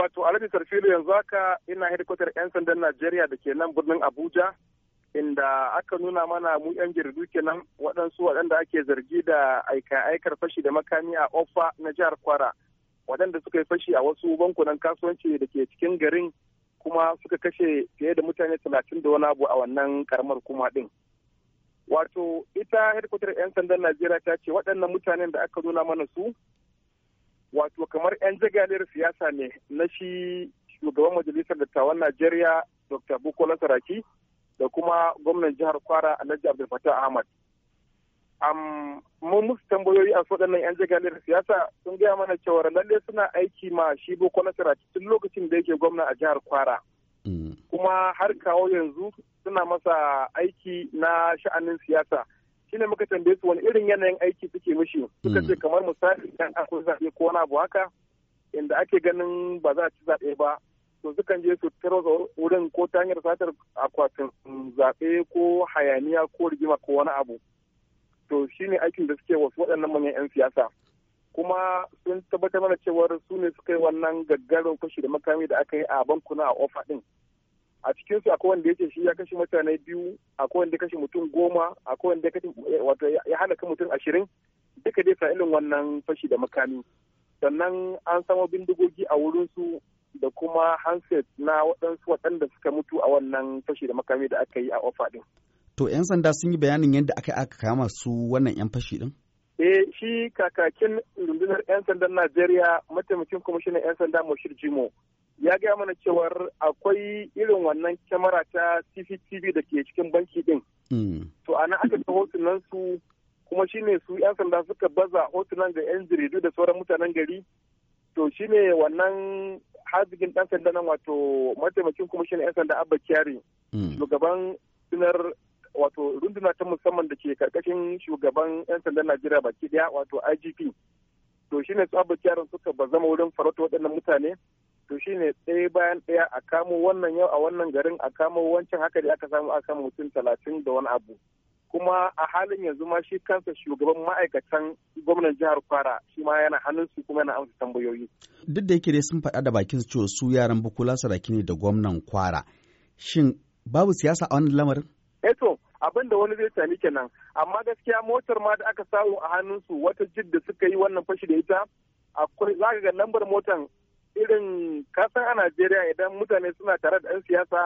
wato Alhaji Sarfilu yanzu haka ina hedikotar 'yan sandan Najeriya da ke nan birnin Abuja inda aka nuna mana mu 'yan jaridu kenan waɗansu waɗanda ake zargi da aika-aikar fashi da makami a Ofa na jihar Kwara waɗanda suka yi fashi a wasu bankunan kasuwanci da ke cikin garin kuma suka kashe fiye da mutane talatin da wani abu a wannan karamar kuma ɗin. Wato ita hedikotar 'yan sandan Najeriya ta ce waɗannan mutanen da aka nuna mana su to kamar 'yan jagalar siyasa ne na shi shugaban majalisar dattawan najeriya dr bukola saraki da kuma gwamnan jihar kwara alhaji abdulfatah ahmad mun musu tambayoyi a waɗannan 'yan jagalar siyasa sun gaya mana cewa lalle suna aiki ma shi bukola saraki tun lokacin da yake gwamna a jihar kwara mm. kuma har kawo yanzu suna masa aiki na sha'anin siyasa shine muka tambaye su wani irin yanayin aiki suke mishi suka hmm. ce kamar misali idan akwai zaɓe ko wani abu haka inda ake ganin ba za a ci zaɓe ba to sukan je su tarwatsa wurin ko ta hanyar satar akwatin zaɓe ko hayaniya ko rigima ko wani abu to shine aikin da suke wasu waɗannan manyan 'yan siyasa kuma sun tabbatar mana cewar su ne suka yi wannan gaggarin fashi da makami da aka yi a bankuna a ofa ɗin a cikin su akwai wanda yake shi ya kashe mutane biyu akwai wanda ya kashe mutum goma akwai wanda ya kashe eh, wato ya halaka mutum ashirin duka dai sa'ilin wannan fashi da makami sannan an samo bindigogi a wurinsu da kuma handset na waɗansu waɗanda suka mutu a wannan fashi da makami da aka yi a ofa ɗin. To 'yan sanda sun yi bayanin yadda aka aka kama su wannan 'yan fashi din. Eh shi kakakin rundunar 'yan sandan Najeriya mataimakin kwamishinan 'yan sanda Moshir Jimo ya gaya mana cewar akwai irin wannan kyamara ta CCTV da ke cikin banki din. Hmm. To ana aka ta hotunan su kuma shine su 'yan sanda suka baza hotunan ga 'yan jaridu da sauran mutanen gari. To shine wannan hazigin ɗan sanda nan wato mataimakin kwamishinan 'yan sanda Abba Kyari. Hmm. Shugaban sunar wato runduna ta musamman da ke karkashin shugaban 'yan sandan najeriya baki daya wato igp to shine tsabar yaran suka bazama wurin farauta waɗannan mutane to shine ɗaya bayan ɗaya a kamo wannan yau a wannan garin a kamo wancan haka da aka samu a kama mutum talatin da wani abu kuma a halin yanzu ma shi kansa shugaban ma'aikatan gwamnan jihar kwara shi ma yana hannunsu kuma yana amsa tambayoyi duk da yake dai sun faɗa da bakin su cewa su yaran bukula saraki ne da gwamnan kwara shin babu siyasa a wannan lamarin eh to abin da wani zai tani kenan amma gaskiya motar ma da aka samu a hannunsu wata jid da suka yi wannan fashi da ita akwai za ga lambar motan irin kasan a najeriya idan mutane suna tare da 'yan siyasa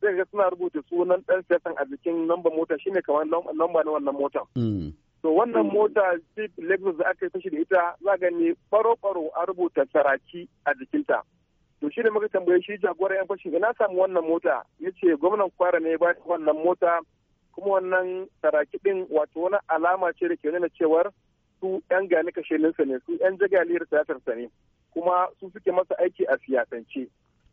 zai ga suna rubuta sunan dan siyasan a jikin lambar mota shine kamar lamba na wannan mota. Mm. to wannan mm. mota jeep lexus da aka yi fashi da ita za ga ne faro-faro a rubuta saraki a jikinta to shine muka tambaye shi jagoran yan fashi ina samu wannan mota ya ce gwamnan kwara ne ba wannan mota kuma wannan saraki din wato wani alama ce da ke nuna cewar su yan gani kashelinsa ne su yan jagaliyar siyasarsa ne kuma su suke masa aiki a siyasance.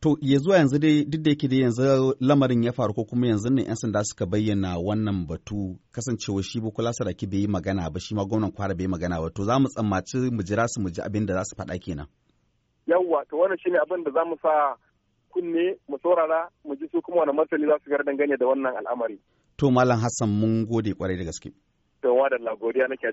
To ya zuwa yanzu dai duk da yake da yanzu lamarin ya faru ko kuma yanzu ne 'yan sanda suka bayyana wannan batu kasancewa shi Bukola Saraki bai yi magana ba shi ma gwamnan Kwara bai yi magana ba to za mu tsammaci mu jira su mu ji abin da za su faɗa kenan. Yawwa to wannan shine abin da za mu sa kunne mu saurara mu ji su kuma wani martani za su gar dangane da wannan al'amari. To Malam Hassan mun gode kwarai da gaske. To wa da godiya nake